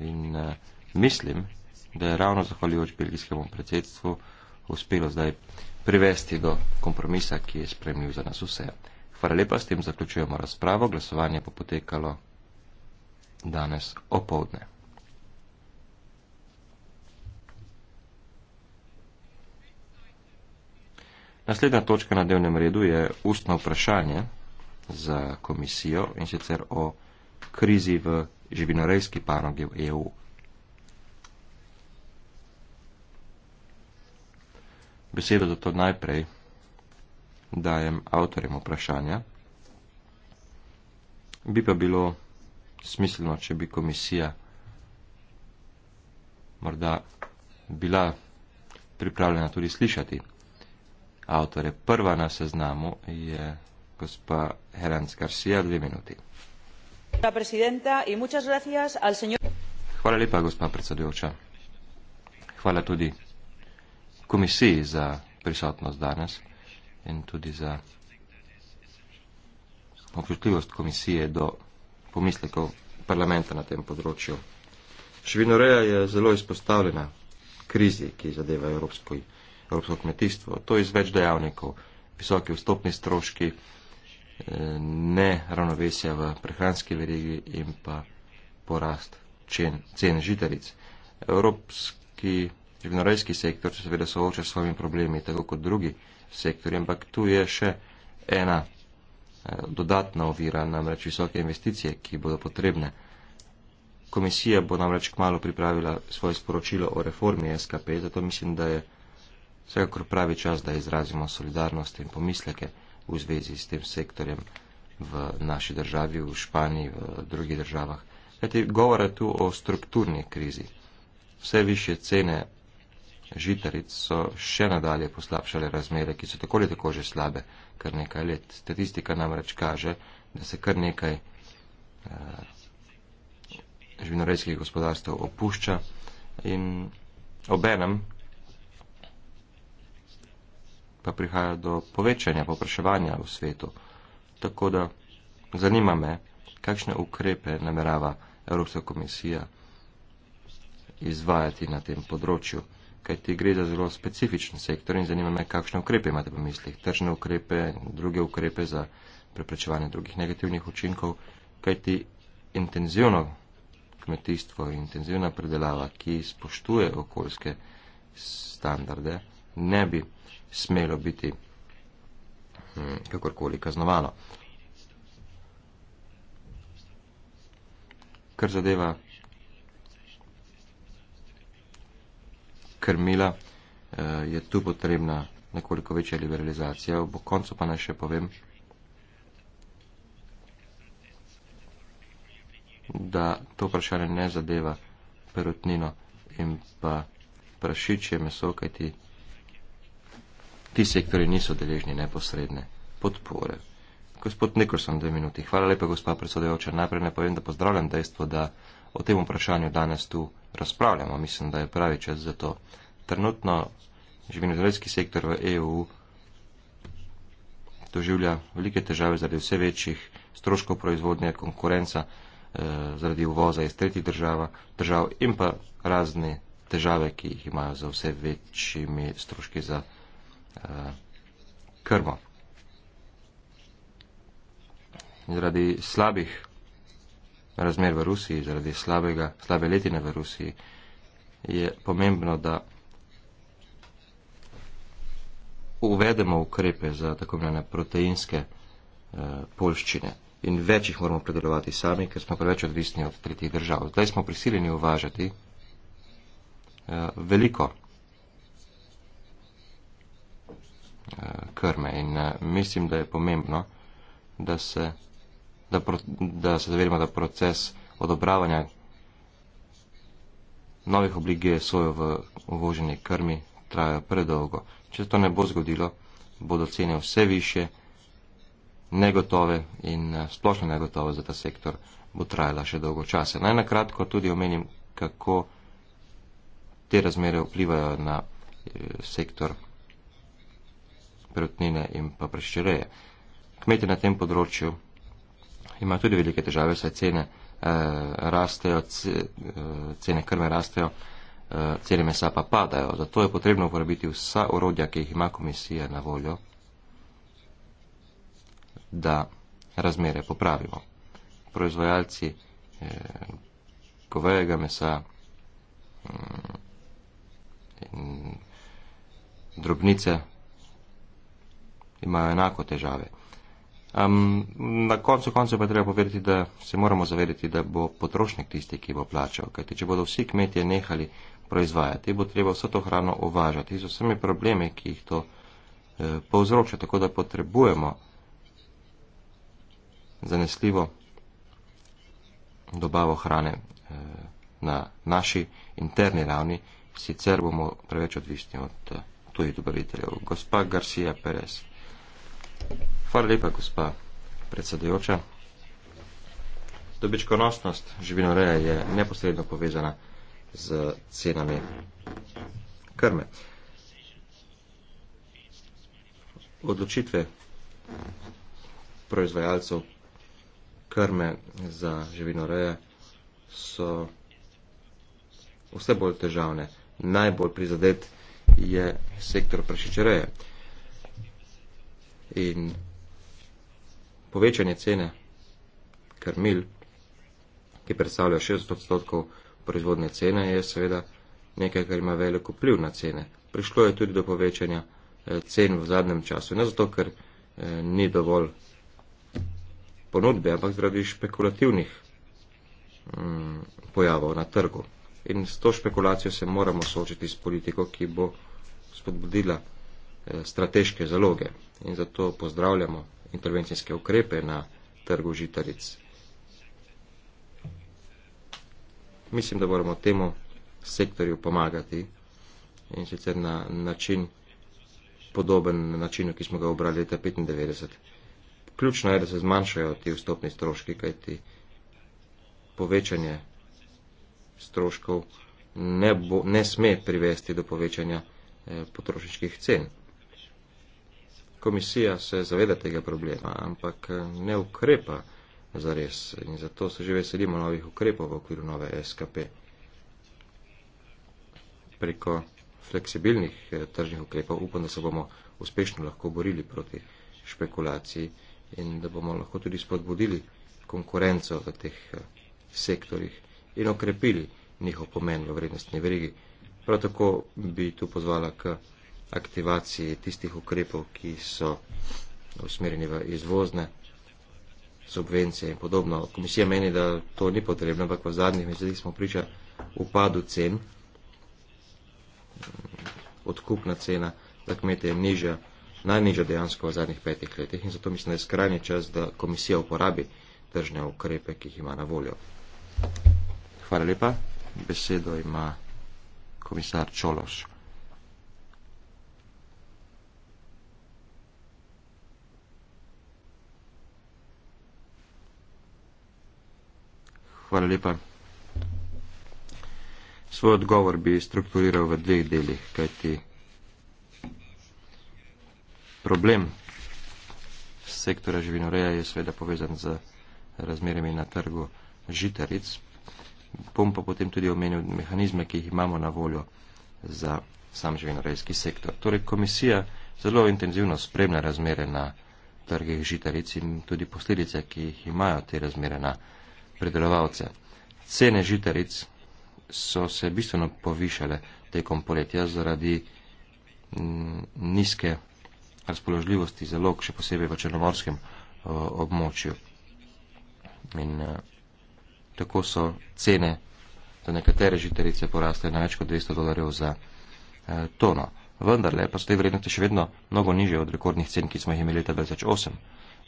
In uh, mislim, da je ravno zahvaljujoč belgijskemu predsedstvu uspelo zdaj privesti do kompromisa, ki je spremljiv za nas vse. Hvala lepa, s tem zaključujemo razpravo. Glasovanje bo potekalo danes opovdne. Naslednja točka na dnevnem redu je ustno vprašanje za komisijo in sicer o krizi v živinorejski panogi v EU. Besedo zato najprej dajem avtorjem vprašanja. Bi pa bilo smiselno, če bi komisija morda bila pripravljena tudi slišati avtore. Prva na seznamu je gospa Herenc Garcia, dve minuti gospa predsednica in muchas gracias al señor. Hvala lepa, gospa predsedujoča. Hvala tudi komisiji za prisotnost danes in tudi za občutljivost komisije do pomislekov parlamenta na tem področju. Švinoreja je zelo izpostavljena krizi, ki zadeva evropsko, evropsko kmetijstvo. To je iz več dejavnikov. Visoki vstopni stroški neravnovesja v prehranski verigi in pa porast čen, cen žitaric. Evropski živinorejski sektor se seveda sooča s svojimi problemi, tako kot drugi sektori, ampak tu je še ena eh, dodatna ovira, namreč visoke investicije, ki bodo potrebne. Komisija bo namreč kmalo pripravila svoje sporočilo o reformi SKP, zato mislim, da je vsekakor pravi čas, da izrazimo solidarnost in pomisleke v zvezi s tem sektorjem v naši državi, v Španiji, v drugih državah. Kajti govora tu o strukturni krizi. Vse više cene žitaric so še nadalje poslabšale razmere, ki so tako ali tako že slabe kar nekaj let. Statistika namreč kaže, da se kar nekaj uh, živinorejskih gospodarstv opušča in obenem pa prihaja do povečanja popraševanja v svetu. Tako da zanima me, kakšne ukrepe namerava Evropska komisija izvajati na tem področju, kaj ti gre za zelo specifičen sektor in zanima me, kakšne ukrepe imate v mislih, tržne ukrepe in druge ukrepe za preprečevanje drugih negativnih učinkov, kaj ti intenzivno kmetijstvo, intenzivna predelava, ki spoštuje okoljske standarde, ne bi smelo biti hm, kakorkoli kaznovano. Kar zadeva krmila, eh, je tu potrebna nekoliko večja liberalizacija. Ob koncu pa naj še povem, da to vprašanje ne zadeva perutnino in pa prašičje meso, kajti ti sektori niso deležni neposredne podpore. Gospod Nikolson, dve minuti. Hvala lepa, gospa predsedujoča. Najprej ne povem, da pozdravljam dejstvo, da o tem vprašanju danes tu razpravljamo. Mislim, da je pravi čas za to. Trenutno živinozemljski sektor v EU doživlja velike težave zaradi vse večjih stroškov proizvodnje, konkurenca eh, zaradi uvoza iz tretjih držav, držav in pa razne težave, ki jih imajo za vse večjimi stroški za proizvodnje. Eh, krvo. Zaradi slabih razmer v Rusiji, zaradi slabega, slabe letine v Rusiji je pomembno, da uvedemo ukrepe za tako imenovane proteinske eh, polščine in več jih moramo predelovati sami, ker smo preveč odvisni od tretjih držav. Zdaj smo prisiljeni uvažati eh, veliko Eh, krme. In eh, mislim, da je pomembno, da se, da pro, da se zavedamo, da proces odobravanja novih oblik GSO-jev v uvoženi krmi traja predolgo. Če se to ne bo zgodilo, bodo cene vse više, negotove in eh, splošno negotove za ta sektor bo trajala še dolgo časa. Naj nakratko tudi omenim, kako te razmere vplivajo na sektor perutnine in pa prešireje. Kmetje na tem področju imajo tudi velike težave, saj cene eh, rastejo, eh, cene krme rastejo, eh, cene mesa pa padajo. Zato je potrebno uporabiti vsa orodja, ki jih ima komisija na voljo, da razmere popravimo. Proizvajalci eh, govejega mesa mm, in drobnice imajo enako težave. Um, na koncu koncev pa treba povedati, da se moramo zavedati, da bo potrošnik tisti, ki bo plačal, kajti če bodo vsi kmetje nehali proizvajati, bo treba vso to hrano uvažati z vsemi problemi, ki jih to eh, povzroča, tako da potrebujemo zanesljivo dobavo hrane eh, na naši interni ravni, sicer bomo preveč odvisni od eh, tujih dobaviteljev. Gospa Garcia Perez. Hvala lepa, gospa predsedujoča. Dobičkonosnost živinoreje je neposredno povezana z cenami krme. Odločitve proizvajalcev krme za živinoreje so vse bolj težavne. Najbolj prizadet je sektor prašičereje in povečanje cene krmil, ki predstavlja 60 odstotkov proizvodne cene, je seveda nekaj, kar ima veliko pliv na cene. Prišlo je tudi do povečanja eh, cen v zadnjem času. Ne zato, ker eh, ni dovolj ponudbe, ampak zaradi špekulativnih mm, pojavov na trgu. In s to špekulacijo se moramo soočiti s politiko, ki bo spodbudila Eh, strateške zaloge in zato pozdravljamo intervencijske ukrepe na trgu žitaric. Mislim, da moramo temu sektorju pomagati in sicer na način podoben načinu, ki smo ga obrali leta 1995. Ključno je, da se zmanjšajo ti vstopni stroški, kajti povečanje stroškov ne, bo, ne sme privesti do povečanja eh, potrošniških cen komisija se zaveda tega problema, ampak eh, ne ukrepa zares in zato se že veselimo novih ukrepov v okviru nove SKP. Preko fleksibilnih eh, tržnih ukrepov upam, da se bomo uspešno lahko borili proti špekulaciji in da bomo lahko tudi spodbudili konkurenco v teh eh, sektorjih in okrepili njihov pomen v vrednostni verigi. Prav tako bi tu pozvala k aktivaciji tistih ukrepov, ki so usmerjeni v izvozne subvencije in podobno. Komisija meni, da to ni potrebno, ampak v zadnjih mesecih smo priča upadu cen, odkupna cena za kmete je nižja, najnižja dejansko v zadnjih petih letih in zato mislim, da je skrajni čas, da komisija uporabi tržne ukrepe, ki jih ima na voljo. Hvala lepa. Besedo ima komisar Čološ. Hvala lepa. Svoj odgovor bi strukturiral v dveh delih, kajti problem sektora živinoreja je seveda povezan z razmerami na trgu žitaric. Bom pa potem tudi omenil mehanizme, ki jih imamo na voljo za sam živinorejski sektor. Torej, komisija zelo intenzivno spremlja razmere na trgih žitaric in tudi posledice, ki jih imajo te razmere na predelovalce. Cene žitaric so se bistveno povišale tekom poletja zaradi mm, nizke razpoložljivosti zalog, še posebej v črnomorskem območju. In e, tako so cene za nekatere žitarice porastle na več kot 200 dolarjev za e, tono. Vendarle pa so te vrednosti še vedno mnogo niže od rekordnih cen, ki smo jih imeli leta 2008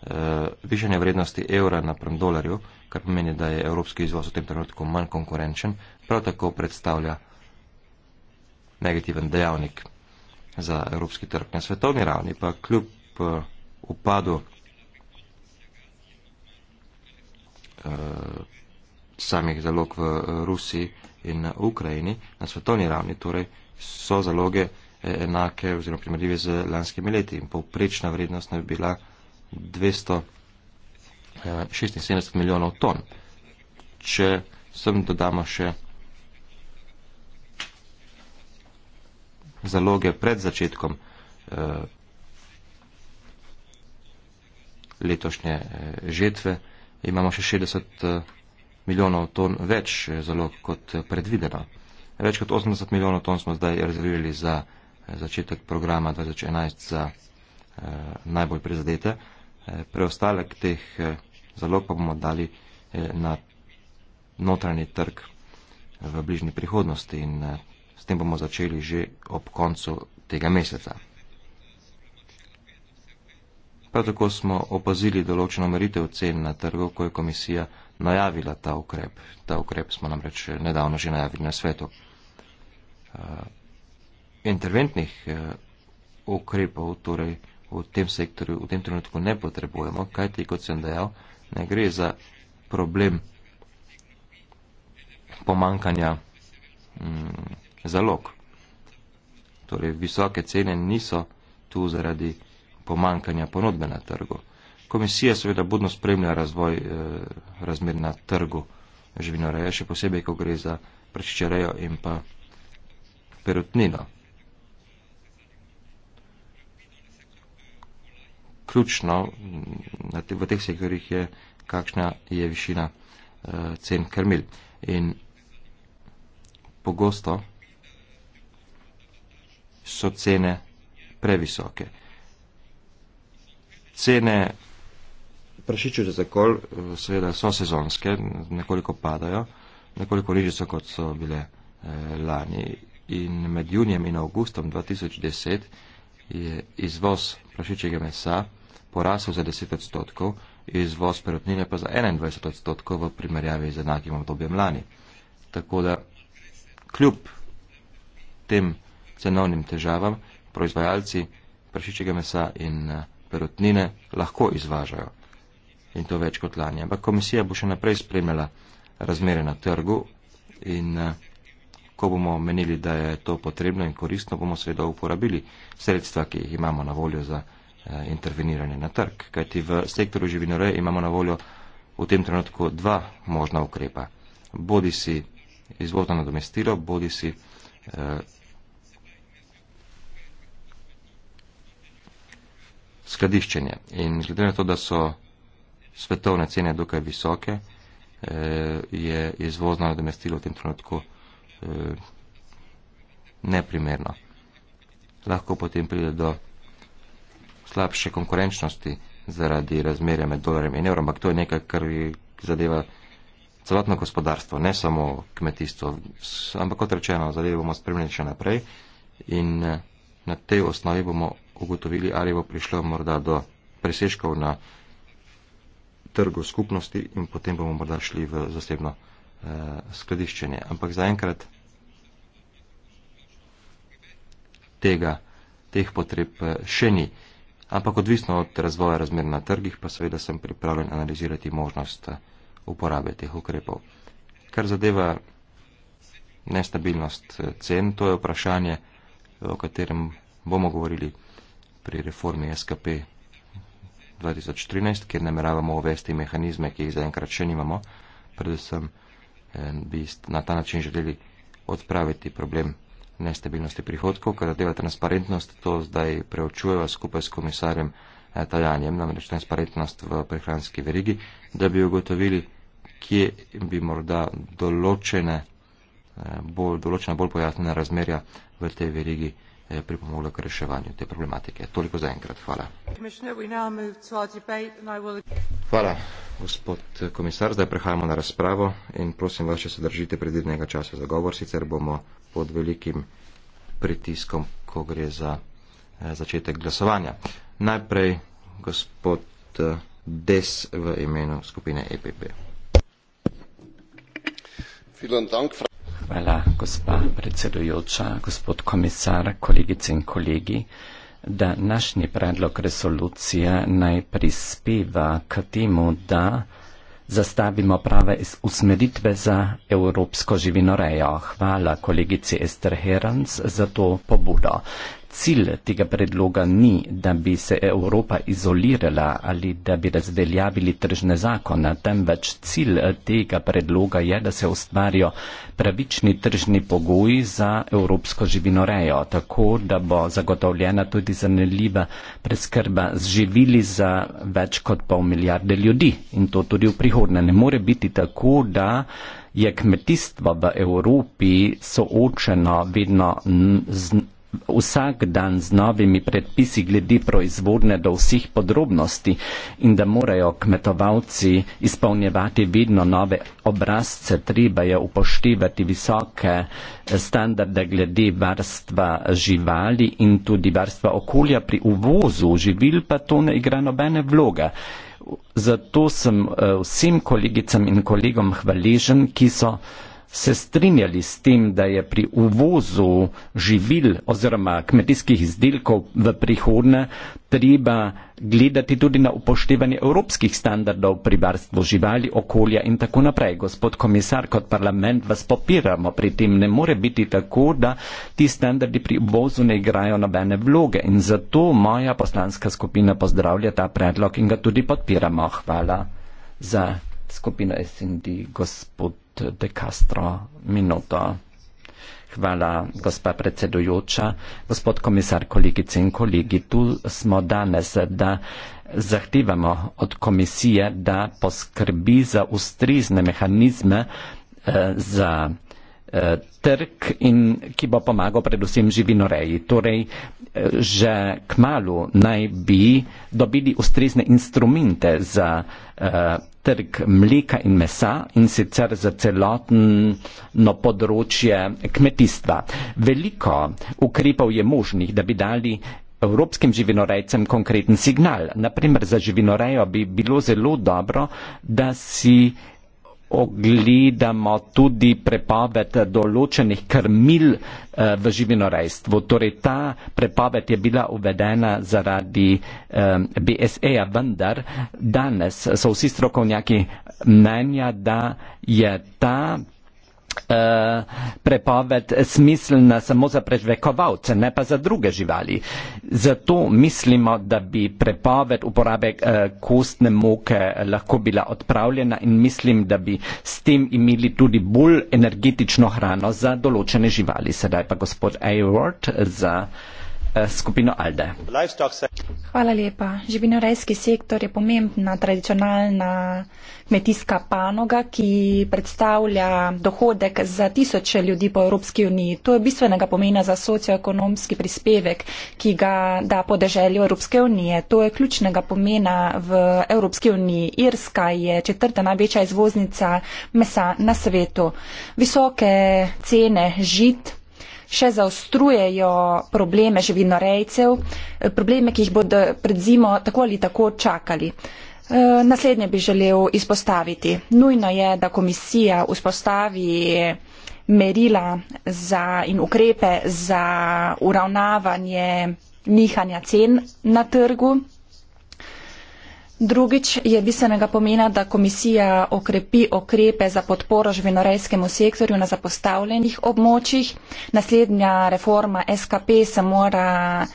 uh, višanje vrednosti evra napram dolarju, kar pomeni, da je evropski izvoz v tem trenutku manj konkurenčen, prav tako predstavlja negativen dejavnik za evropski trg. Na svetovni ravni pa kljub uh, upadu uh, samih zalog v Rusiji in na Ukrajini, na svetovni ravni torej so zaloge enake oziroma primerljive z lanskimi leti in povprečna vrednost naj bi bila 276 eh, milijonov ton. Če sem dodamo še zaloge pred začetkom eh, letošnje eh, žetve, imamo še 60 milijonov ton več zalog kot predvideno. Več kot 80 milijonov ton smo zdaj rezervirali za začetek programa 2011 za najbolj prizadete. Eh, preostalek teh eh, zalog pa bomo dali eh, na notranji trg v bližnji prihodnosti in s tem bomo začeli že ob koncu tega meseca. Prav tako smo opazili določeno meritev cen na trgu, ko je komisija najavila ta ukrep. Ta ukrep smo namreč nedavno že najavili na svetu. Interventnih ukrepov, torej v tem sektorju v tem trenutku ne potrebujemo, kajti, kot sem dejal, ne gre za problem pomankanja mm, zalog. Torej, visoke cene niso tu zaradi pomankanja ponudbe na trgu. Komisija seveda budno spremlja razvoj eh, razmer na trgu živinoreje, še posebej, ko gre za prečičarejo in pa perutnino. ključno v teh sektorjih je, kakšna je višina eh, cen krmil. In pogosto so cene previsoke. Cene prašičev za zakol eh, seveda so sezonske, nekoliko padajo, nekoliko nižje so, kot so bile eh, lani. In med junijem in avgustom 2010 je izvoz prašičega mesa porasel za 10 odstotkov, izvoz perutnine pa za 21 odstotkov v primerjavi z enakim obdobjem lani. Tako da kljub tem cenovnim težavam proizvajalci prašičega mesa in eh, perutnine lahko izvažajo. In to več kot lani. Ampak komisija bo še naprej spremljala razmere na trgu in eh, ko bomo menili, da je to potrebno in koristno, bomo seveda uporabili sredstva, ki jih imamo na voljo za. Eh, interveniranje na trg. Kajti v sektorju živinoreje imamo na voljo v tem trenutku dva možna ukrepa. Bodi si izvozno nadomestilo, bodi si eh, skladiščenje. In glede na to, da so svetovne cene dokaj visoke, eh, je izvozno nadomestilo v tem trenutku eh, neprimerno. Lahko potem pride do slabše konkurenčnosti zaradi razmerja med dolarjem in evrom, ampak to je nekaj, kar zadeva celotno gospodarstvo, ne samo kmetijstvo. Ampak kot rečeno, zadevo bomo spremljali še naprej in eh, na tej osnovi bomo ugotovili, ali bo prišlo morda do presežkov na trgu skupnosti in potem bomo morda šli v zasebno eh, skladiščenje. Ampak zaenkrat tega, teh potreb eh, še ni ampak odvisno od razvoja razmer na trgih, pa seveda sem pripravljen analizirati možnost eh, uporabe teh ukrepov. Kar zadeva nestabilnost eh, cen, to je vprašanje, o katerem bomo govorili pri reformi SKP 2013, kjer nameravamo uvesti mehanizme, ki jih zaenkrat še nimamo. Predvsem eh, bi na ta način želeli odpraviti problem nestabilnosti prihodkov, kar zadeva transparentnost, to zdaj preučujejo skupaj s komisarjem eh, Tajanjem, namreč transparentnost v prehranski verigi, da bi ugotovili, kje bi morda določene, eh, bolj, določena bolj pojasnjena razmerja v tej verigi. Eh, pripomoglo k reševanju te problematike. Toliko za enkrat. Hvala. Hvala, gospod komisar. Zdaj prehajamo na razpravo in prosim vas, če se držite predvidnega časa za govor, sicer bomo pod velikim pritiskom, ko gre za eh, začetek glasovanja. Najprej gospod eh, Des v imenu skupine EPP. Vielen Dank, Frau Hvala, gospa predsedujoča, gospod komisar, kolegice in kolegi, da našnji predlog resolucije naj prispeva k temu, da zastavimo prave usmeritve za evropsko živinorejo. Hvala kolegici Esther Herans za to pobudo. Cilj tega predloga ni, da bi se Evropa izolirala ali da bi razdeljavili tržne zakone, temveč cilj tega predloga je, da se ustvarijo pravični tržni pogoji za evropsko živinorejo, tako da bo zagotovljena tudi zanjeljiva preskrba z živili za več kot pol milijarde ljudi in to tudi v prihodnje. Ne more biti tako, da je kmetijstvo v Evropi soočeno vedno z vsak dan z novimi predpisi glede proizvodne do vseh podrobnosti in da morajo kmetovalci izpolnjevati vedno nove obrazce, treba je upoštevati visoke eh, standarde glede varstva živali in tudi varstva okolja pri uvozu živil, pa to ne igra nobene vloge. Zato sem eh, vsem kolegicam in kolegom hvaležen, ki so se strinjali s tem, da je pri uvozu živil oziroma kmetijskih izdelkov v prihodnje treba gledati tudi na upoštevanje evropskih standardov pri varstvu živali, okolja in tako naprej. Gospod komisar, kot parlament vas popiramo pri tem, ne more biti tako, da ti standardi pri uvozu ne igrajo nobene vloge in zato moja poslanska skupina pozdravlja ta predlog in ga tudi podpiramo. Hvala za skupino SND, gospod de Castro minuto. Hvala, gospa predsedujoča, gospod komisar, kolegice in kolegi. Tu smo danes, da zahtevamo od komisije, da poskrbi za ustrezne mehanizme eh, za Eh, trg in ki bo pomagal predvsem živinoreji. Torej, eh, že k malu naj bi dobili ustrezne instrumente za uh, trg mleka in mesa in sicer za celotno področje kmetijstva. Veliko ukrepov je možnih, da bi dali evropskim živinorejcem konkreten signal. Naprimer, za živinorejo bi bilo zelo dobro, da si ogledamo tudi prepoved določenih krmil eh, v živinorejstvu. Torej ta prepoved je bila uvedena zaradi eh, BSE-ja, vendar danes so vsi strokovnjaki mnenja, da je ta Eh, prepoved smiselna samo za prežvekovalce, ne pa za druge živali. Zato mislimo, da bi prepoved uporabe uh, kostne moke lahko bila odpravljena in mislim, da bi s tem imeli tudi bolj energetično hrano za določene živali. Sedaj pa gospod Ayward za uh, Eh, skupino Alde. Hvala lepa. Živinorejski sektor je pomembna tradicionalna kmetijska panoga, ki predstavlja dohodek za tisoče ljudi po Evropski uniji. To je bistvenega pomena za socioekonomski prispevek, ki ga da podeželjo Evropske unije. To je ključnega pomena v Evropski uniji. Irska je četrta največja izvoznica mesa na svetu. Visoke cene žit še zaostrujejo probleme živinorejcev, eh, probleme, ki jih bodo pred zimo tako ali tako čakali. Eh, naslednje bi želel izpostaviti. Nujno je, da komisija vzpostavi merila za in ukrepe za uravnavanje nihanja cen na trgu. Drugič je bistvenega pomena, da komisija okrepi okrepe za podporo živinorejskemu sektorju na zapostavljenih območjih. Naslednja reforma SKP se mora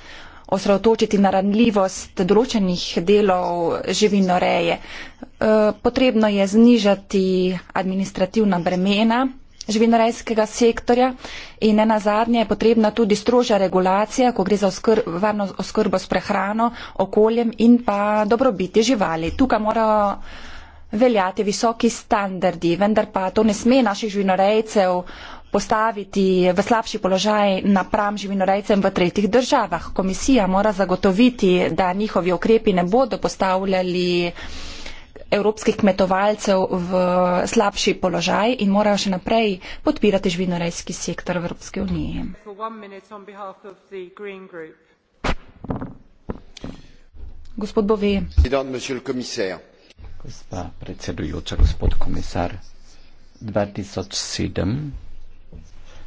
osredotočiti na ranljivost določenih delov živinoreje. Eh, potrebno je znižati administrativna bremena živinorejskega sektorja in ne nazadnje je potrebna tudi strožja regulacija, ko gre za oskr varno oskrbo s prehrano, okoljem in pa dobrobiti živali. Tukaj morajo veljati visoki standardi, vendar pa to ne sme naših živinorejcev postaviti v slabši položaj napram živinorejcem v tretjih državah. Komisija mora zagotoviti, da njihovi okrepi ne bodo postavljali evropskih kmetovalcev v slabši položaj in morajo še naprej podpirati živinorejski sektor v Evropske unije. Gospod Bove. Gospa predsedujoča, gospod komisar, 2007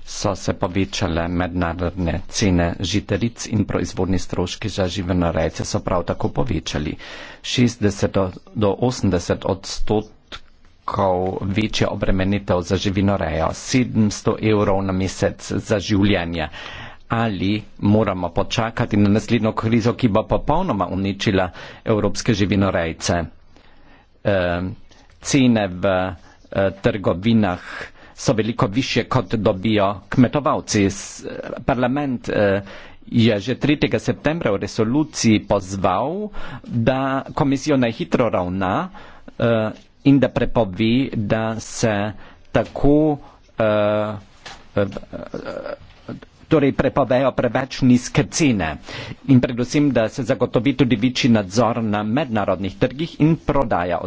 so se povečale mednarodne cene žiteric in proizvodni stroški za živinorejce so prav tako povečali. 60 do 80 odstotkov večja obremenitev za živinorejo, 700 evrov na mesec za življenje. Ali moramo počakati na naslednjo krizo, ki bo popolnoma uničila evropske živinorejce? E, cene v e, trgovinah so veliko više kot dobijo kmetovalci. Parlament eh, je že 3. septembra v resoluciji pozval, da komisijo najhitro ravna eh, in da prepovi, da se tako eh, torej prepovejo preveč nizke cene in predvsem, da se zagotovi tudi večji nadzor na mednarodnih trgih in prodaja.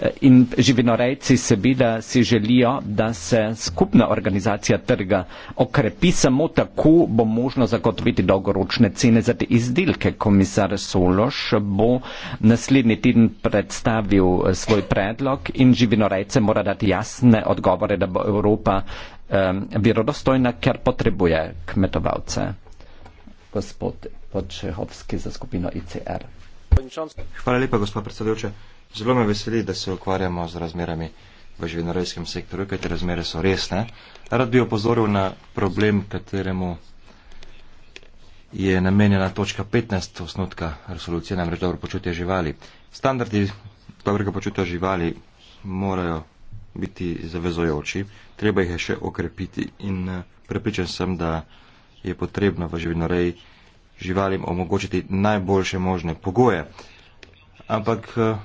Eh, in živinorejci seveda si želijo, da se skupna organizacija trga okrepi, samo tako bo možno zagotoviti dolgoročne cene za te izdelke. Komisar Sološ bo naslednji teden predstavil eh, svoj predlog in živinorejce mora dati jasne odgovore, da bo Evropa vjerodostojna, ker potrebuje kmetovalce. Gospod Počehovski za skupino ICR. Hvala lepa, gospod predsedujoče. Zelo me veseli, da se ukvarjamo z razmerami v živinorejskem sektorju, kajte razmere so resne. Rad bi opozoril na problem, kateremu je namenjena točka 15 osnutka resolucije, namreč dobro počutje živali. Standardi dobrega počutja živali morajo biti zavezojoči, treba jih je še okrepiti in eh, prepričan sem, da je potrebno v živinoreji živalim omogočiti najboljše možne pogoje. Ampak eh,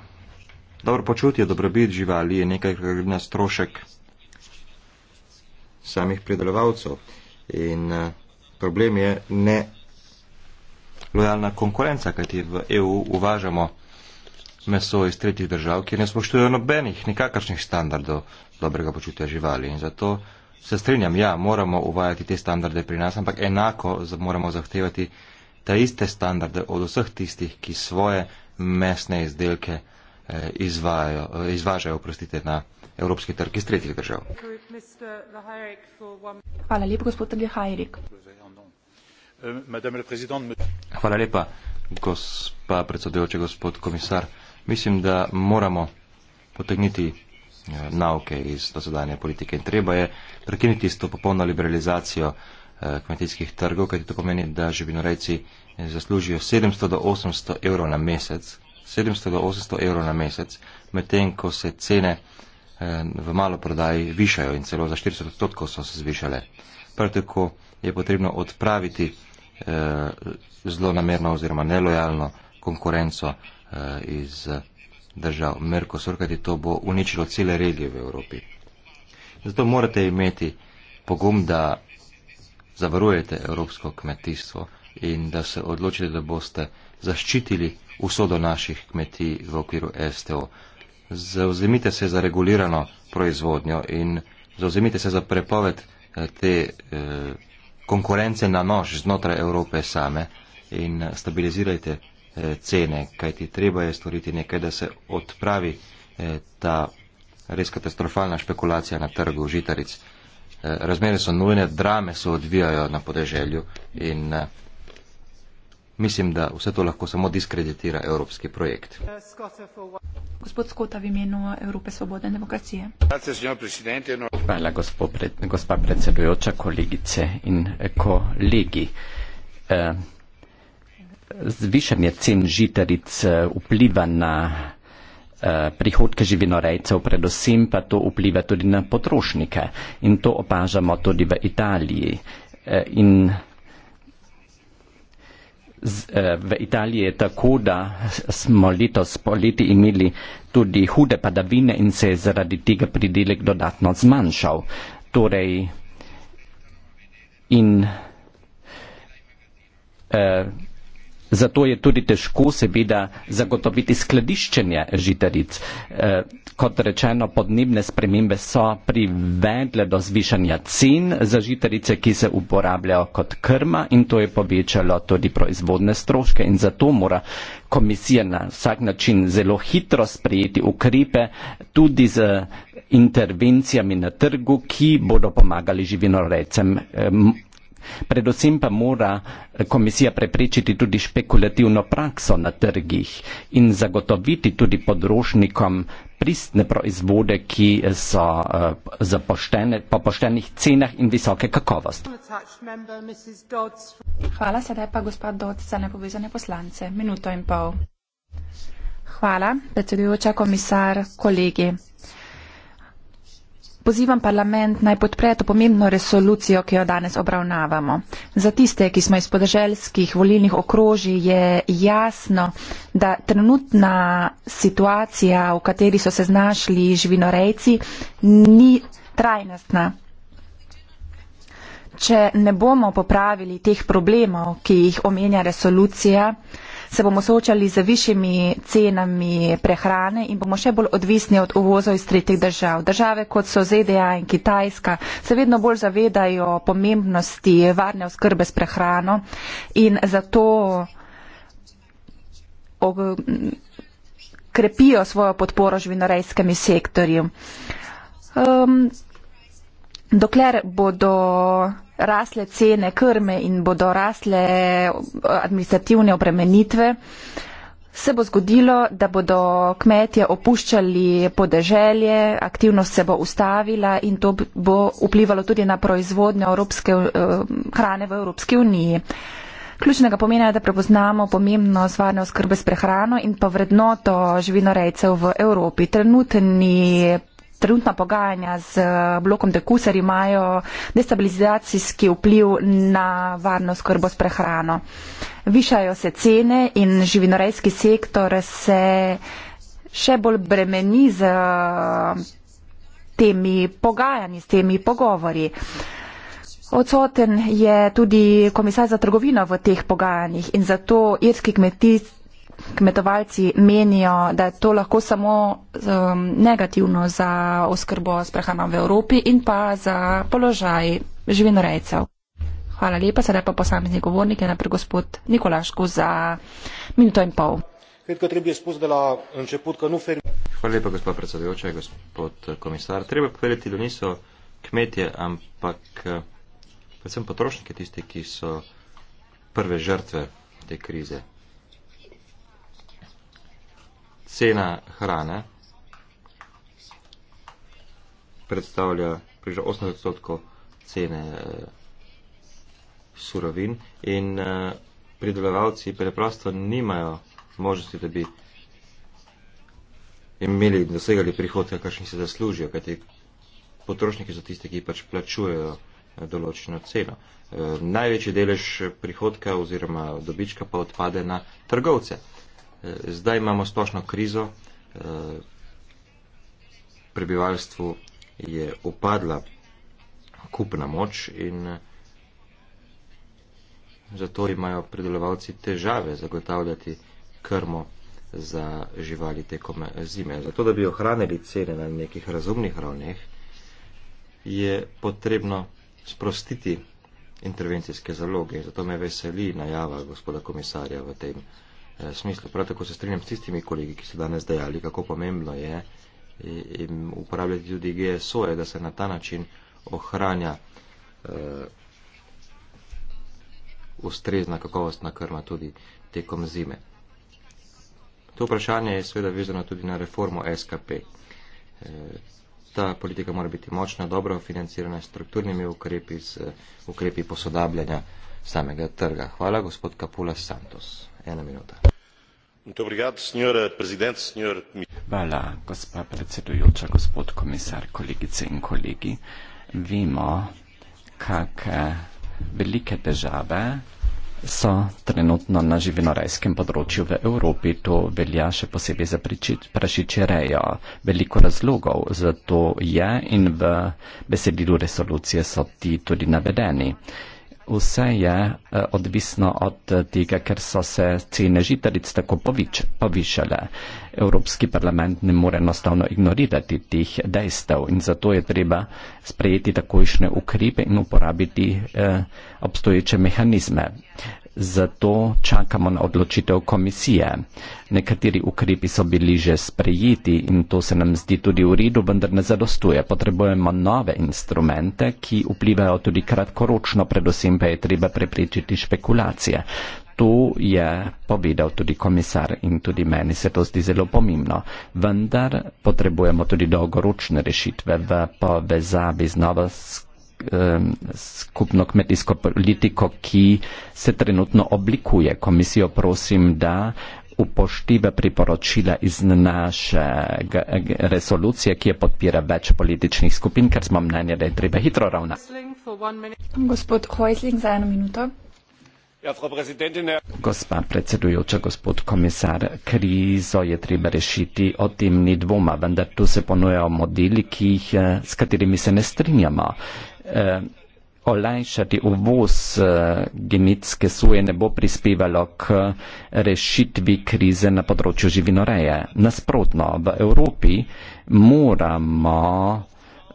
dobro počutje, dobrobit živali je nekaj, kar gre na strošek samih pridelovalcev in eh, problem je ne lojalna konkurenca, kajti v EU uvažamo meso iz tretjih držav, ki ne spoštujejo nobenih, nikakršnih standardov dobrega počutja živali. In zato se strinjam, ja, moramo uvajati te standarde pri nas, ampak enako moramo zahtevati te iste standarde od vseh tistih, ki svoje mesne izdelke eh, izvajo, eh, izvažajo oprostite, na evropski trg iz tretjih držav. Hvala lepa, gospod Lehajrik. Hvala lepa, gospa predsedujoča, gospod komisar. Mislim, da moramo potegniti eh, nauke iz dosedanje politike in treba je prekiniti s to popolno liberalizacijo eh, kmetijskih trgov, kajti to pomeni, da živinorejci eh, zaslužijo 700 do 800 evrov na mesec, 700 do 800 evrov na mesec, medtem ko se cene v malo prodaji višajo in celo za 40 odstotkov so se zvišale. Prav tako je potrebno odpraviti zlo namerno oziroma nelojalno konkurenco Eh, iz držav Merkosur, kajti to bo uničilo cele regije v Evropi. Zato morate imeti pogum, da zavarujete evropsko kmetijstvo in da se odločite, da boste zaščitili usodo naših kmetij v okviru STO. Zauzemite se za regulirano proizvodnjo in zauzemite se za prepoved eh, te eh, konkurence na nož znotraj Evrope same in stabilizirajte Eh, cene, kajti treba je storiti nekaj, da se odpravi eh, ta res katastrofalna špekulacija na trgu žitaric. Eh, razmere so nujne, drame se odvijajo na podeželju in mislim, da vse to lahko samo diskreditira evropski projekt. Gospod Skota v imenu Evrope svobode in demokracije. No. Hvala, gospod pred, gospa predsedujoča, kolegice in kolegi zvišanje cen žitaric eh, vpliva na eh, prihodke živinorejcev, predvsem pa to vpliva tudi na potrošnike in to opažamo tudi v Italiji. Eh, in v Italiji je tako, da smo letos poleti imeli tudi hude padavine in se je zaradi tega pridelek dodatno zmanjšal. Torej in Zato je tudi težko seveda zagotoviti skladiščenje žitaric. E, kot rečeno, podnebne spremembe so privedle do zvišanja cen za žitarice, ki se uporabljajo kot krma in to je povečalo tudi proizvodne stroške in zato mora komisija na vsak način zelo hitro sprejeti ukrepe tudi z intervencijami na trgu, ki bodo pomagali živinorecem. E, eh, Predvsem pa mora eh, komisija preprečiti tudi špekulativno prakso na trgih in zagotoviti tudi podrošnikom pristne proizvode, ki so uh, poštene, po poštenih cenah in visoke kakovosti. Hvala, sedaj pa gospod Dodd za nepovezane poslance. Minuto in pol. Hvala, predsedujoča komisar, kolegi. Pozivam parlament naj podpre to pomembno resolucijo, ki jo danes obravnavamo. Za tiste, ki smo iz podeželskih volilnih okrožij, je jasno, da trenutna situacija, v kateri so se znašli živinorejci, ni trajnostna. Če ne bomo popravili teh problemov, ki jih omenja resolucija, se bomo soočali z višjimi cenami prehrane in bomo še bolj odvisni od uvoza iz tretjih držav. Države kot so ZDA in Kitajska se vedno bolj zavedajo pomembnosti varne oskrbe s prehrano in zato krepijo svojo podporo živinorejskemu sektorju. Um, dokler bodo rasle cene krme in bodo rasle eh, administrativne obremenitve, se bo zgodilo, da bodo kmetje opuščali podeželje, aktivnost se bo ustavila in to bo vplivalo tudi na proizvodnjo evropske, eh, hrane v Evropski uniji. Ključnega pomena je, da prepoznamo pomembno zvarne oskrbe s prehrano in pa vrednoto živinorejcev v Evropi. Trenutni trenutna pogajanja z eh, blokom Dekuser imajo destabilizacijski vpliv na varno skrbo s prehrano. Višajo se cene in živinorejski sektor se še bolj bremeni z eh, temi pogajanji, s temi pogovori. Odsoten je tudi komisar za trgovino v teh pogajanjih in zato irski kmetijstvo kmetovalci menijo, da je to lahko samo um, negativno za oskrbo s prehrano v Evropi in pa za položaj živinorejcev. Hvala lepa, sedaj pa posamezni govornik je najprej gospod Nikolašku za minuto in pol. Hvala lepa, gospod predsedujoča, gospod komisar. Treba povedati, da niso kmetje, ampak eh, predvsem potrošniki tisti, ki so prve žrtve te krize cena hrane predstavlja približno 80 odstotkov cene eh, surovin in eh, pridelovalci preprosto nimajo možnosti, da bi imeli in dosegali prihodke, kakšni se zaslužijo, kajti potrošniki so tiste, ki pač plačujejo eh, določeno ceno. Eh, največji delež prihodka oziroma dobička pa odpade na trgovce. Eh, Zdaj imamo splošno krizo, eh, prebivalstvu je upadla kupna moč in eh, zato imajo predelovalci težave zagotavljati krmo za živali tekom eh, zime. Zato, da bi ohranili cene na nekih razumnih ravneh, je potrebno sprostiti intervencijske zaloge. Zato me veseli najava gospoda komisarja v tem. Eh, smislu. Prav tako se strinjam s tistimi kolegi, ki so danes dejali, kako pomembno je eh, in uporabljati tudi GSO-je, da se na ta način ohranja uh, ustrezna kakovostna krma tudi tekom zime. To vprašanje je sveda vezano tudi na reformo SKP. Ta politika mora biti močna, dobro financirana s strukturnimi ukrepi, z ukrepi posodabljanja samega trga. Hvala, gospod Kapula Santos hvala gospa predsedujoča gospod komisar kolegice in kolegi vemo kake velike težave so trenutno na živinorejskem področju v Evropi, to velja še posebej za prašiče rejo. Veliko razlogov za to je in v besedilu resolucije so ti tudi navedeni vse je eh, odvisno od eh, tega, ker so se cene žitaric tako povič, povišale. Evropski parlament ne more enostavno ignorirati tih dejstev in zato je treba sprejeti takojšne ukrepe in uporabiti eh, obstoječe mehanizme zato čakamo na odločitev komisije. Nekateri ukrepi so bili že sprejeti in to se nam zdi tudi v redu, vendar ne zadostuje. Potrebujemo nove instrumente, ki vplivajo tudi kratkoročno, predvsem pa je treba preprečiti špekulacije. To je povedal tudi komisar in tudi meni se to zdi zelo pomembno. Vendar potrebujemo tudi dolgoročne rešitve v povezavi z novo skupno kmetijsko politiko, ki se trenutno oblikuje. Komisijo prosim, da upoštiva priporočila iz naše resolucije, ki je podpira več političnih skupin, ker smo mnenje, da je treba hitro ravnati. Gospod Hojsling za eno minuto. Ja, Gospa predsedujoča, gospod komisar, krizo je treba rešiti, o tem ni dvoma, vendar tu se ponujajo modeli, ki jih, eh, s katerimi se ne strinjamo. Eh, olajšati uvoz eh, genetske soje ne bo prispevalo k eh, rešitvi krize na področju živinoreje. Nasprotno, v Evropi moramo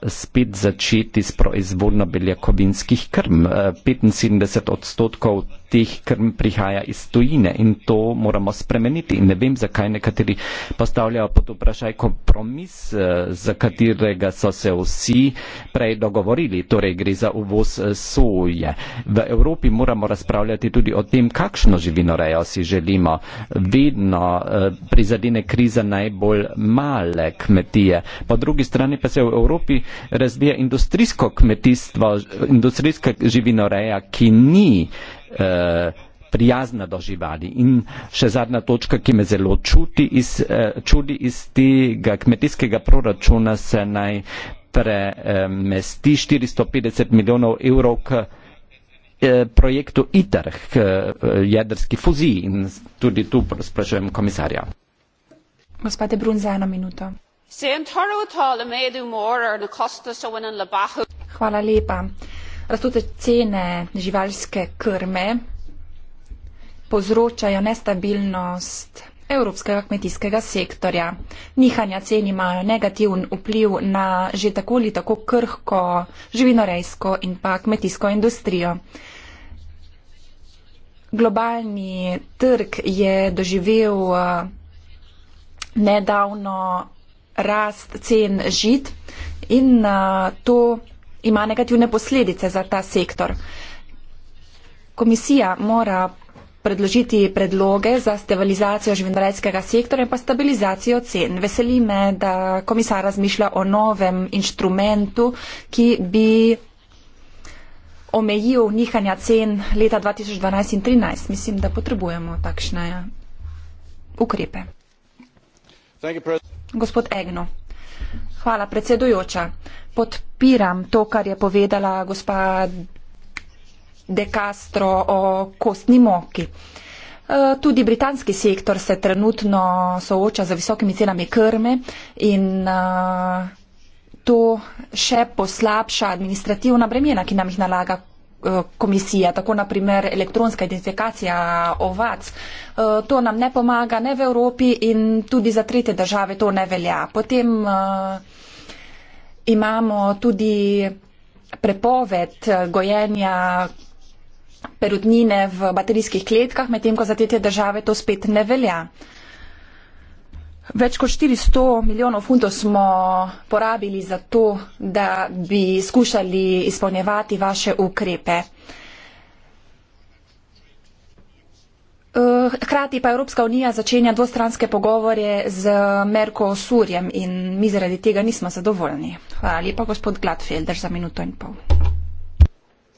spet začeti s proizvodno beljakovinskih krm. 75 eh, odstotkov teh krm prihaja iz tujine in to moramo spremeniti. In ne vem, zakaj nekateri postavljajo pod vprašaj kompromis, eh, za katerega so se vsi prej dogovorili. Torej gre za uvoz eh, soje. V Evropi moramo razpravljati tudi o tem, kakšno živinorejo si želimo. Vedno prizadene kriza najbolj male kmetije. Po drugi strani pa se v Evropi razvija industrijsko kmetijstvo, industrijska živinoreja, ki ni eh, prijazna do živali. In še zadnja točka, ki me zelo čuti iz, eh, čudi iz tega kmetijskega proračuna, se naj premesti 450 milijonov evrov k eh, projektu ITER, k jedrski fuziji. In tudi tu sprašujem komisarja. Gospod Brun, za eno minuto. Hvala lepa. Rastoče cene živalske krme povzročajo nestabilnost evropskega kmetijskega sektorja. Nihanja cen imajo negativen vpliv na že tako ali tako krhko živinorejsko in pa kmetijsko industrijo. Globalni trg je doživel eh, nedavno rast cen žit in uh, to ima negativne posledice za ta sektor. Komisija mora predložiti predloge za stabilizacijo živinorejskega sektora in pa stabilizacijo cen. Veseli me, da komisar razmišlja o novem inštrumentu, ki bi omejil nihanja cen leta 2012 in 2013. Mislim, da potrebujemo takšne ukrepe. Thank you, Gospod Egno. Hvala, predsedujoča. Podpiram to, kar je povedala gospa De Castro o kostni moki. E, tudi britanski sektor se trenutno sooča z visokimi cenami krme in e, to še poslabša administrativna bremena, ki nam jih nalaga Eh, komisija, tako naprimer elektronska identifikacija ovac. Eh, to nam ne pomaga ne v Evropi in tudi za tretje države to ne velja. Potem eh, imamo tudi prepoved gojenja perutnine v baterijskih kletkah, medtem ko za tretje države to spet ne velja. Več kot 400 milijonov funtov smo porabili za to, da bi skušali izpolnjevati vaše ukrepe. Eh, hkrati pa Evropska unija začenja dvostranske pogovore z Merkosurjem in mi zaradi tega nismo zadovoljni. Hvala lepa, gospod Gladfelder, za minuto in pol.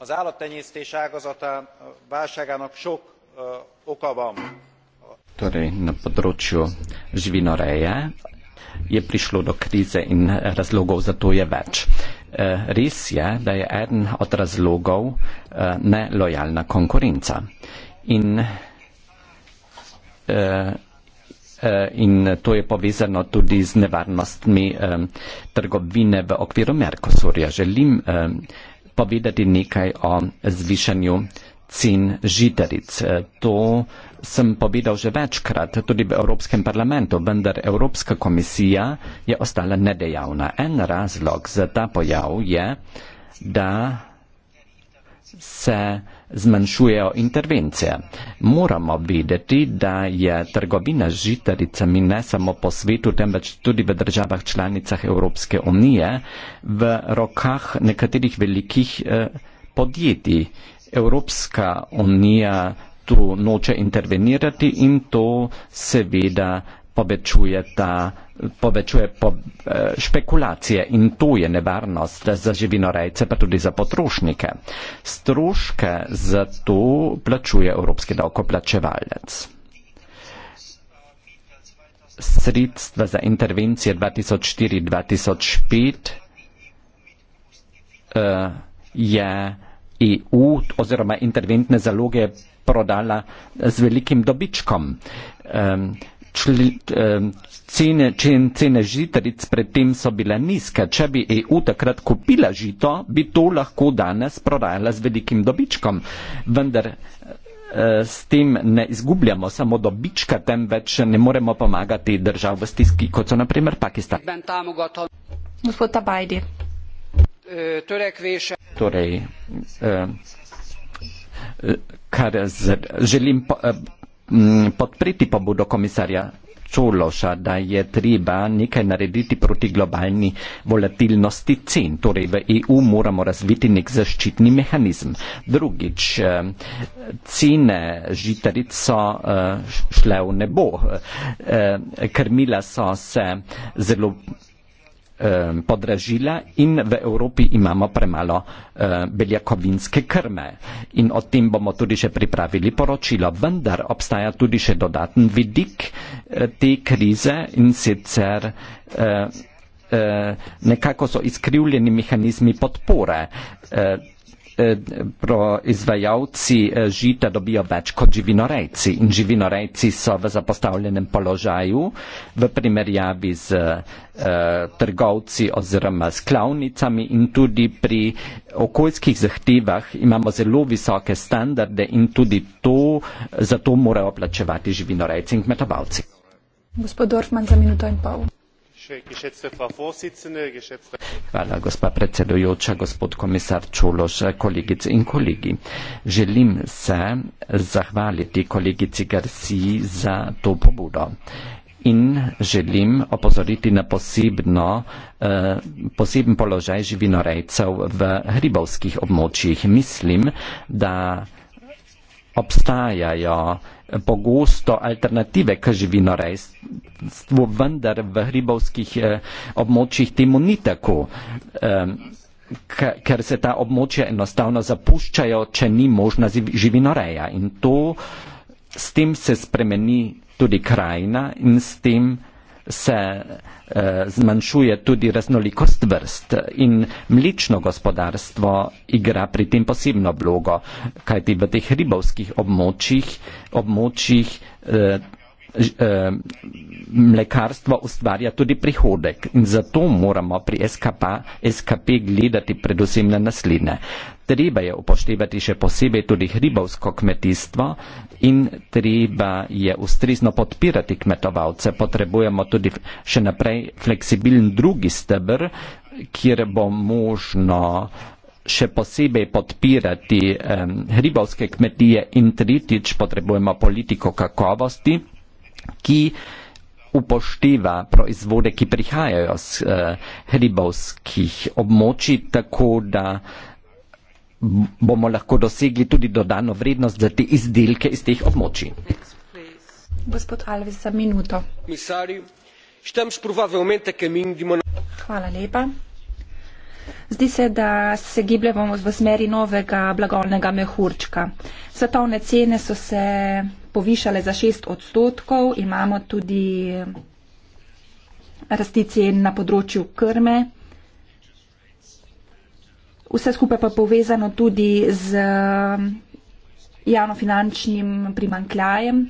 Za alotenje ste šagozota vašega nokšok okovom torej na področju živinoreje, je prišlo do krize in razlogov za to je več. Eh, res je, da je eden od razlogov eh, nelojalna konkurenca. In, eh, in to je povezano tudi z nevarnostmi trgovine v okviru Merkosurja. Želim povedati nekaj o zvišanju cin žitaric. E, to sem povedal že večkrat tudi v Evropskem parlamentu, vendar Evropska komisija je ostala nedejavna. En razlog za ta pojav je, da se zmanjšujejo intervencije. Moramo videti, da je trgovina z žitaricami ne samo po svetu, temveč tudi v državah članicah Evropske unije v rokah nekaterih velikih eh, podjetij. Evropska unija tu noče intervenirati in to seveda povečuje, ta, povečuje po, eh, špekulacije in to je nevarnost za živinorejce, pa tudi za potrošnike. Stroške za to plačuje Evropski davkoplačevalec. Sredstva za intervencije 2004-2005 eh, je EU oziroma interventne zaloge prodala z velikim dobičkom. Um, Čli, cene, cene, cene žitaric predtem so bile nizke. Če bi EU takrat kupila žito, bi to lahko danes prodajala z velikim dobičkom. Vendar e, s tem ne izgubljamo samo dobička, temveč ne moremo pomagati držav v stiski, kot so naprimer Pakistan. Gospod Tabajdi. Torej, torej eh, kar z, želim eh, podpreti pobudo komisarja Čuloša, da je treba nekaj narediti proti globalni volatilnosti cen. Torej, v EU moramo razviti nek zaščitni mehanizem. Drugič, eh, cene žitaric so šle v nebo. Krmila so se zelo Ehm, podražila in v Evropi imamo premalo eh, beljakovinske krme. In o tem bomo tudi še pripravili poročilo, vendar obstaja tudi še dodaten vidik eh, te krize in sicer eh, nekako so izkrivljeni mehanizmi podpore Eh, proizvajalci eh, žita dobijo več kot živinorejci. In živinorejci so v zapostavljenem položaju v primerjavi z eh, trgovci oziroma s klavnicami in tudi pri okoljskih zahtevah imamo zelo visoke standarde in tudi to, zato morajo plačevati živinorejci in kmetovalci. Gospod Dorfman za minuto in pol. Hvala, gospa predsedujoča, gospod komisar Čuloš, kolegice in kolegi. Želim se zahvaliti kolegici Garciji za to pobudo in želim opozoriti na posebno, eh, poseben položaj živinorejcev v hribovskih območjih. Mislim, da obstajajo pogosto alternative k živinorejstvu, vendar v hribovskih eh, območjih temu ni tako, ker se ta območja enostavno zapuščajo, če ni možna živinoreja. In to, s tem se spremeni tudi krajina in s tem se eh, zmanjšuje tudi raznolikost vrst in mlično gospodarstvo igra pri tem posebno vlogo, kajti v teh ribovskih območjih ob močjih eh, eh, mlekarstva ustvarja tudi prihodek. In zato moramo pri SKP, SKP gledati predvsem na naslednje. Treba je upoštevati še posebej tudi hribovsko kmetijstvo in treba je ustrezno podpirati kmetovalce. Potrebujemo tudi še naprej fleksibilen drugi stebr, kjer bo možno uh, še posebej podpirati um, hribovske kmetije in tretjič potrebujemo politiko kakovosti, ki upošteva proizvode, ki prihajajo z uh, eh, hribovskih območij, tako da bomo lahko dosegli tudi dodano vrednost za te izdelke iz teh območij. Gospod Alves, za minuto. Hvala lepa. Zdi se, da se gibljemo v smeri novega blagovnega mehurčka. Svetovne cene so se povišale za 6 odstotkov, imamo tudi rasti cen na področju krme. Vse skupaj pa povezano tudi z javnofinančnim primankljajem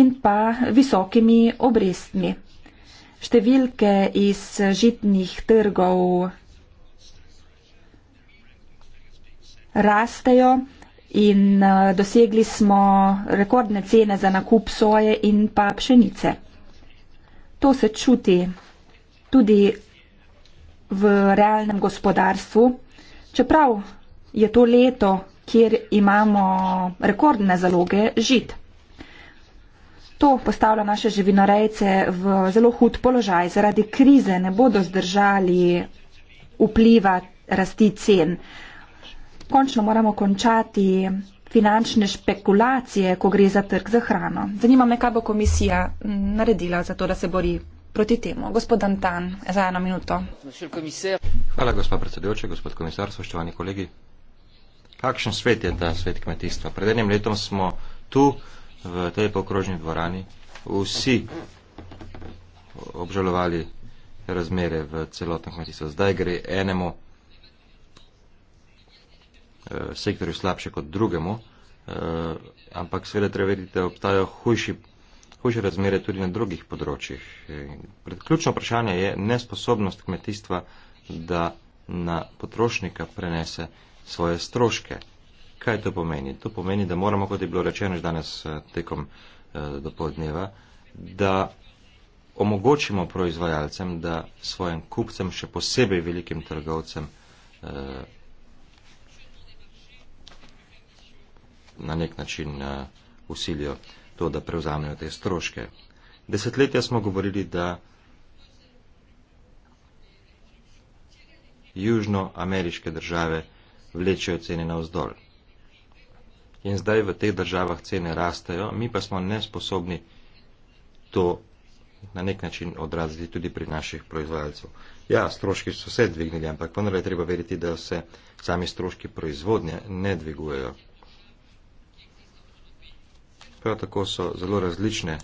in pa visokimi obrestmi številke iz žitnih trgov rastejo in eh, dosegli smo rekordne cene za nakup soje in pa pšenice. To se čuti tudi v realnem gospodarstvu, čeprav je to leto, kjer imamo rekordne zaloge žit. To postavlja naše živinorejce v zelo hud položaj. Zaradi krize ne bodo zdržali vpliva rasti cen. Končno moramo končati finančne špekulacije, ko gre za trg za hrano. Zanima me, kaj bo komisija naredila za to, da se bori proti temu. Gospod Antan, za eno minuto. Hvala, gospod predsedujoče, gospod komisar, soštovani kolegi. Kakšen svet je ta svet kmetijstva? Pred enim letom smo tu v tej pokrožni dvorani vsi obžalovali razmere v celotnem kmetijstvu. Zdaj gre enemu eh, sektorju slabše kot drugemu, eh, ampak seveda treba vedeti, da obstajajo hujši, hujše razmere tudi na drugih področjih. Predključno vprašanje je nesposobnost kmetijstva, da na potrošnika prenese svoje stroške. Kaj to pomeni? To pomeni, da moramo, kot je bilo rečeno že danes eh, tekom eh, dopoldneva, da omogočimo proizvajalcem, da svojim kupcem, še posebej velikim trgovcem, eh, na nek način eh, usilijo to, da prevzamejo te stroške. Desetletja smo govorili, da južnoameriške države vlečejo cene na vzdolj in zdaj v teh državah cene rastejo, mi pa smo nesposobni to na nek način odraziti tudi pri naših proizvajalcev. Ja, stroški so se dvignili, ampak vendar je treba veriti, da se sami stroški proizvodnje ne dvigujejo. Prav tako so zelo različne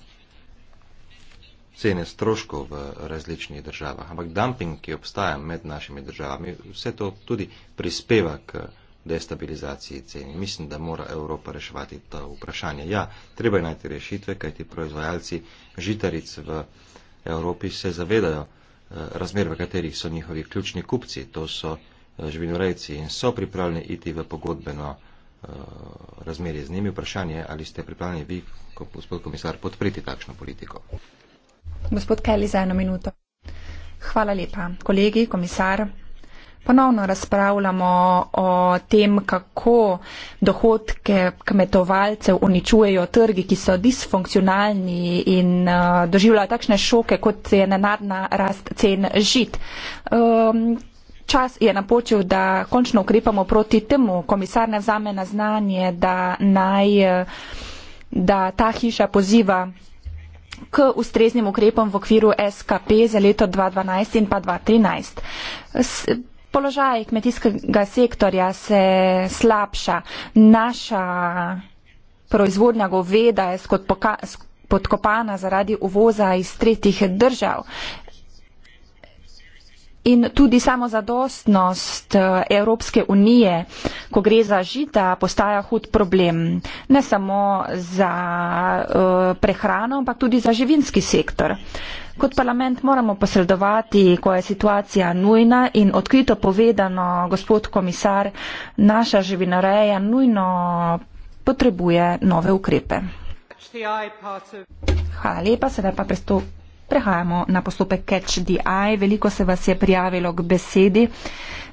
cene stroškov v različnih državah. Ampak dumping, ki obstaja med našimi državami, vse to tudi prispeva k destabilizaciji ceni. Mislim, da mora Evropa reševati to vprašanje. Ja, treba je najti rešitve, kajti proizvajalci žitaric v Evropi se zavedajo eh, razmer, v katerih so njihovi ključni kupci, to so eh, živinorejci in so pripravljeni iti v pogodbeno eh, razmerje z njimi. Vprašanje je, ali ste pripravljeni vi, gospod komisar, podpriti takšno politiko. Gospod Kelly, za eno minuto. Hvala lepa, kolegi, komisar. Ponovno razpravljamo o tem, kako dohodke kmetovalcev uničujejo trgi, ki so disfunkcionalni in uh, doživljajo takšne šoke, kot je nenadna rast cen žit. Um, čas je napočil, da končno ukrepamo proti temu. Komisar ne vzame na znanje, da, naj, uh, da ta hiša poziva k ustreznim ukrepom v okviru SKP za leto 2012 in pa 2013. S, položaj kmetijskega sektorja se slabša, naša proizvodnja goveda je podkopana zaradi uvoza iz tretjih držav. In tudi samo zadostnost eh, Evropske unije, ko gre za žita, postaja hud problem. Ne samo za uh, prehrano, ampak tudi za živinski sektor. Uh, Kot parlament moramo posredovati, ko je situacija nujna in odkrito povedano, gospod komisar, naša živinoreja nujno potrebuje nove ukrepe. Hvala lepa, sedaj pa prehajamo na postopek Catch the Eye. Veliko se vas je prijavilo k besedi.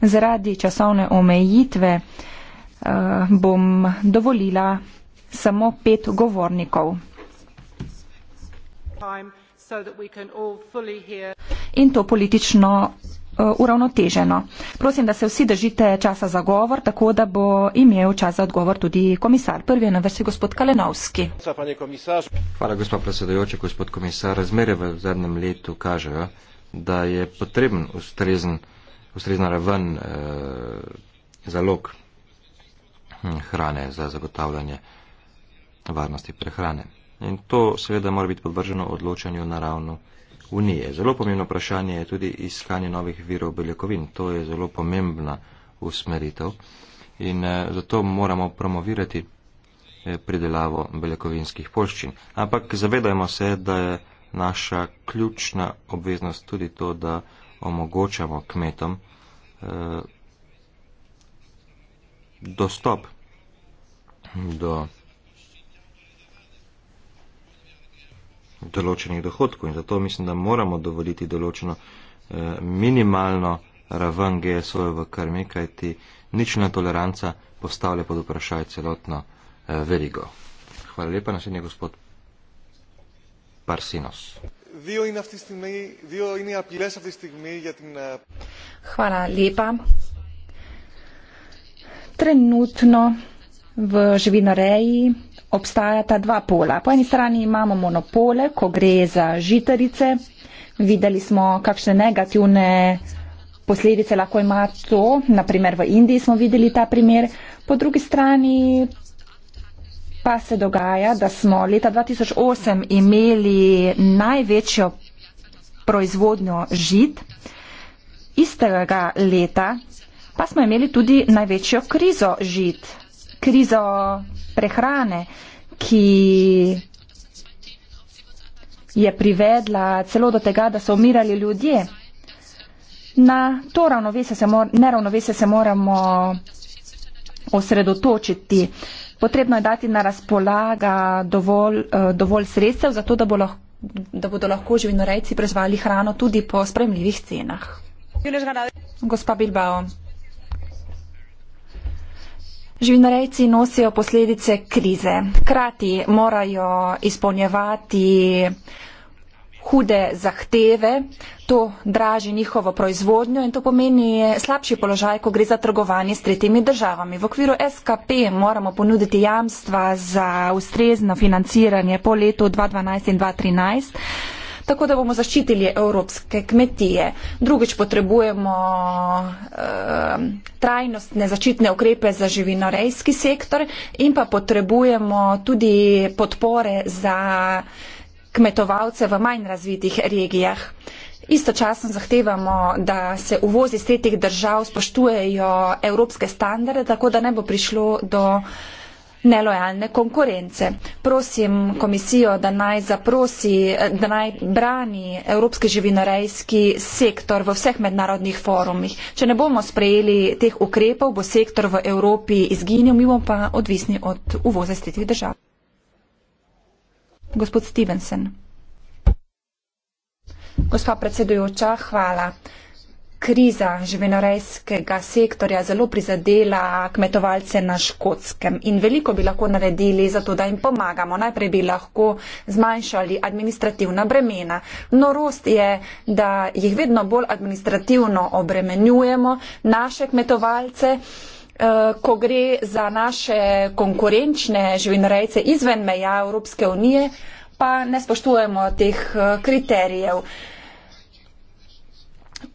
Zaradi časovne omejitve uh, bom dovolila samo pet govornikov. Time in to politično eh, uravnoteženo. Prosim, da se vsi držite časa za govor, tako da bo imel čas za odgovor tudi komisar. Prvi je na vrsti gospod Kalenovski. Hvala, gospod predsedujoči, gospod komisar. Razmere v zadnjem letu kažejo, da je potreben ustrezen, ustrezna raven eh, zalog hm, hrane za zagotavljanje varnosti prehrane. In to seveda mora biti podvrženo odločanju na ravno Unije. Zelo pomembno vprašanje je tudi iskanje novih virov beljakovin. To je zelo pomembna usmeritev in eh, zato moramo promovirati eh, pridelavo beljakovinskih poščin. Ampak zavedajmo se, da je naša ključna obveznost tudi to, da omogočamo kmetom eh, dostop do določenih dohodkov in zato mislim, da moramo dovoliti določeno eh, minimalno raven GSO-ja v krmi, kajti nična toleranca postavlja pod vprašaj celotno eh, verigo. Hvala lepa, naslednji gospod Parsinos. Hvala lepa. Trenutno v živinoreji obstajata dva pola. Po eni strani imamo monopole, ko gre za žitarice. Videli smo, kakšne negativne posledice lahko ima to. Naprimer v Indiji smo videli ta primer. Po drugi strani pa se dogaja, da smo leta 2008 imeli največjo proizvodnjo žit. Istega leta pa smo imeli tudi največjo krizo žit krizo prehrane, ki je privedla celo do tega, da so umirali ljudje. Na to neravnovesje se moramo osredotočiti. Potrebno je dati na razpolaga dovolj, eh, dovolj sredstev, zato da, bo lahko, da bodo lahko živinorejci prezvali hrano tudi po spremljivih cenah. Gospa Bilbao. Živinorejci nosijo posledice krize. Krati morajo izpolnjevati hude zahteve, to draži njihovo proizvodnjo in to pomeni slabši položaj, ko gre za trgovanje s tretjimi državami. V okviru SKP moramo ponuditi jamstva za ustrezno financiranje po letu 2012 in 2013 tako da bomo zaščitili evropske kmetije. Drugič potrebujemo eh, trajnostne začitne ukrepe za živinorejski sektor in pa potrebujemo tudi podpore za kmetovalce v manj razvitih regijah. Istočasno zahtevamo, da se uvozi iz tretjih držav spoštujejo evropske standarde, tako da ne bo prišlo do nelojalne konkurence. Prosim komisijo, da naj zaprosi, da naj brani evropski živinorejski sektor v vseh mednarodnih forumih. Če ne bomo sprejeli teh ukrepov, bo sektor v Evropi izginil, mi bomo pa odvisni od uvoza iz tretjih držav. Gospod Stevenson. Gospa predsedujoča, hvala kriza živinorejskega sektorja zelo prizadela kmetovalce na škotskem in veliko bi lahko naredili za to, da jim pomagamo. Najprej bi lahko zmanjšali administrativna bremena. Norost je, da jih vedno bolj administrativno obremenjujemo, naše kmetovalce. Eh, ko gre za naše konkurenčne živinorejce izven meja Evropske unije, pa ne spoštujemo teh eh, kriterijev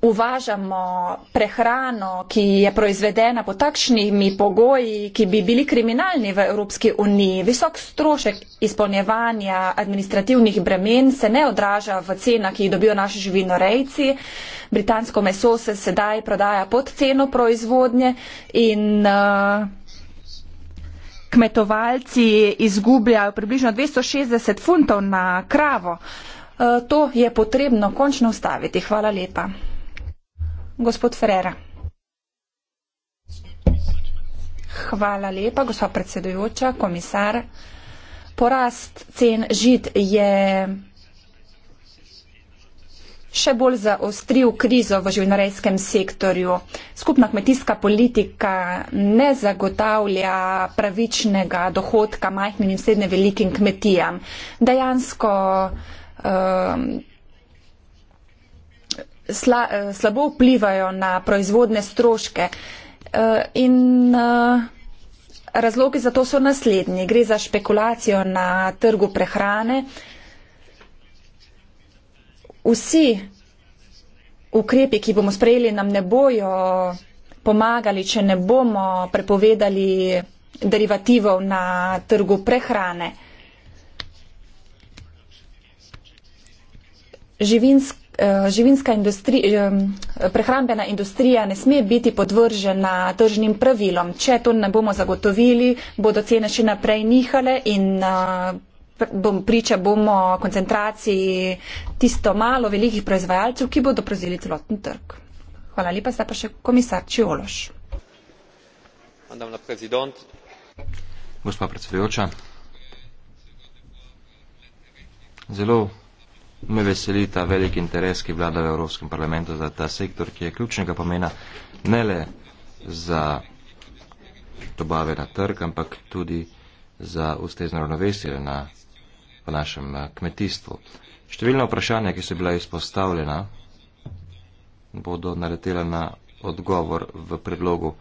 uvažamo prehrano, ki je proizvedena po takšnimi pogoji, ki bi bili kriminalni v Evropski uniji, visok strošek izpolnjevanja administrativnih bremen se ne odraža v cenah, ki jih dobijo naši živinorejci. Britansko meso se sedaj prodaja pod ceno proizvodnje in uh, kmetovalci izgubljajo približno 260 funtov na kravo. Eh, to je potrebno končno ustaviti. Hvala lepa. Gospod Ferrera. Hvala lepa, gospa predsedujoča, komisar. Porast cen žit je še bolj zaostril krizo v živinarejskem sektorju. Skupna kmetijska politika ne zagotavlja pravičnega dohodka majhnim in srednje velikim kmetijam. Dejansko ehm, sla, eh, slabo vplivajo na proizvodne stroške. Eh, in eh, razlogi za to so naslednji. Gre za špekulacijo na trgu prehrane. Vsi ukrepi, ki bomo sprejeli, nam ne bojo pomagali, če ne bomo prepovedali derivativov na trgu prehrane. Živinsk Eh, živinska industrija, eh, prehrambena industrija ne sme biti podvržena tržnim pravilom. Če to ne bomo zagotovili, bodo cene še naprej nihale in eh, bom priča bomo koncentraciji tisto malo velikih proizvajalcev, ki bodo prevzeli celoten trg. Hvala lepa, zdaj pa še komisar Čiološ. Gospa predsedujoča, zelo me veseli ta velik interes, ki vlada v Evropskem parlamentu za ta sektor, ki je ključnega pomena ne le za dobave na trg, ampak tudi za ustezno ravnovesje na, v našem eh, kmetijstvu. Številna vprašanja, ki so bila izpostavljena, bodo naletela na odgovor v predlogu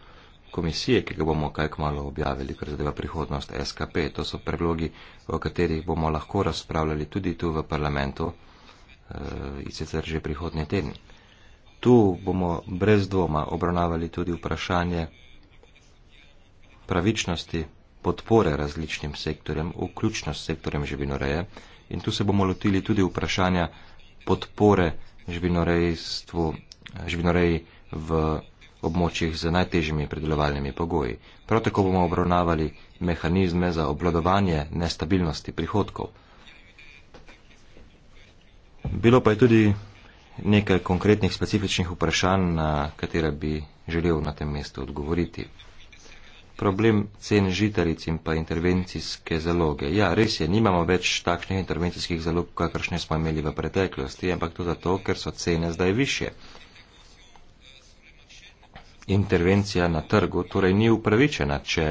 komisije, ki ga bomo kajk malo objavili, kar zadeva prihodnost SKP. To so predlogi, o katerih bomo lahko razpravljali tudi tu v parlamentu. Eh, in sicer že prihodnji teden. Tu bomo brez dvoma obravnavali tudi vprašanje pravičnosti podpore različnim sektorjem, vključno s sektorjem živinoreje. In tu se bomo lotili tudi vprašanja podpore eh, živinoreji v območjih z najtežjimi predelovalnimi pogoji. Prav tako bomo obravnavali mehanizme za obladovanje nestabilnosti prihodkov. Bilo pa je tudi nekaj konkretnih specifičnih vprašanj, na katera bi želel na tem mestu odgovoriti. Problem cen žitaric in pa intervencijske zaloge. Ja, res je, nimamo več takšnih intervencijskih zalog, kakršne smo imeli v preteklosti, ampak to zato, ker so cene zdaj više. Intervencija na trgu torej ni upravičena, če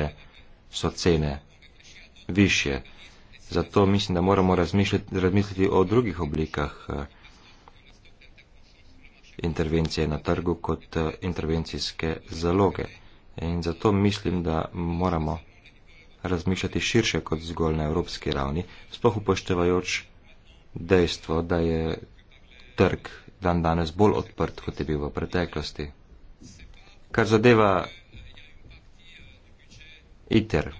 so cene više. Zato mislim, da moramo razmišljati, razmisliti o drugih oblikah eh, intervencije na trgu kot eh, intervencijske zaloge. In zato mislim, da moramo razmišljati širše kot zgolj na evropski ravni, sploh upoštevajoč dejstvo, da je trg dan danes bolj odprt, kot je bil v preteklosti. Kar zadeva ITER,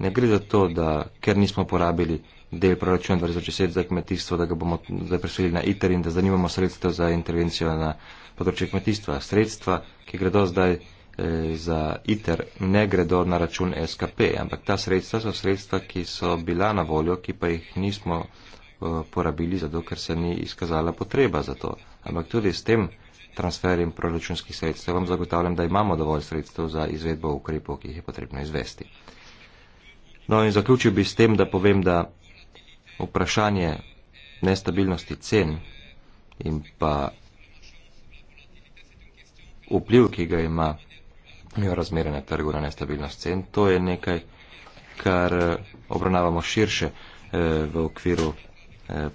Ne gre za to, da ker nismo porabili del proračuna 2010 za kmetijstvo, da ga bomo zdaj preselili na ITER in da zanimamo sredstva za intervencijo na področju kmetijstva. Sredstva, ki gredo zdaj eh, za ITER, ne gredo na račun SKP, ampak ta sredstva so sredstva, ki so bila na voljo, ki pa jih nismo eh, porabili, zato ker se ni izkazala potreba za to. Ampak tudi s tem transferjem proračunskih sredstev vam zagotavljam, da imamo dovolj sredstev za izvedbo ukrepov, ki jih je potrebno izvesti. No in zaključil bi s tem, da povem, da vprašanje nestabilnosti cen in pa vpliv, ki ga ima razmere na trgu na nestabilnost cen, to je nekaj, kar eh, obravnavamo širše eh, v okviru eh,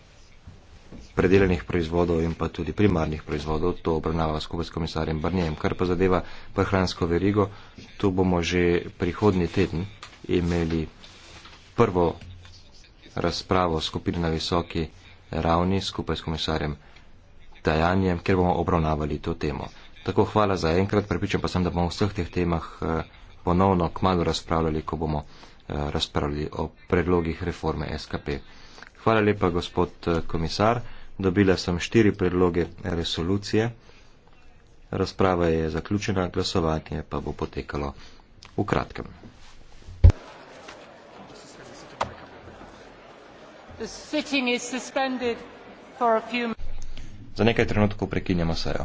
predelenih proizvodov in pa tudi primarnih proizvodov. To obravnava skupaj s komisarjem Barnjem. Kar pa zadeva prehransko verigo, tu bomo že prihodni teden imeli prvo razpravo skupine na visoki ravni skupaj s komisarjem Tajanjem, ker bomo obravnavali to temo. Tako hvala za enkrat, pripričam pa sem, da bomo v vseh teh temah eh, ponovno kmalo razpravljali, ko bomo eh, razpravljali o predlogih reforme SKP. Hvala lepa, gospod eh, komisar. Dobila sem štiri predloge resolucije. Razprava je zaključena, glasovanje pa bo potekalo v kratkem. za nekaj trenutkov prekinjamo sejo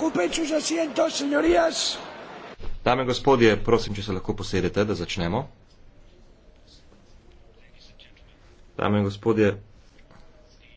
ocupen sus asientos, señorías. Dame, gospodje, prosim, če se lahko posedete, da začnemo. Dame, gospodje,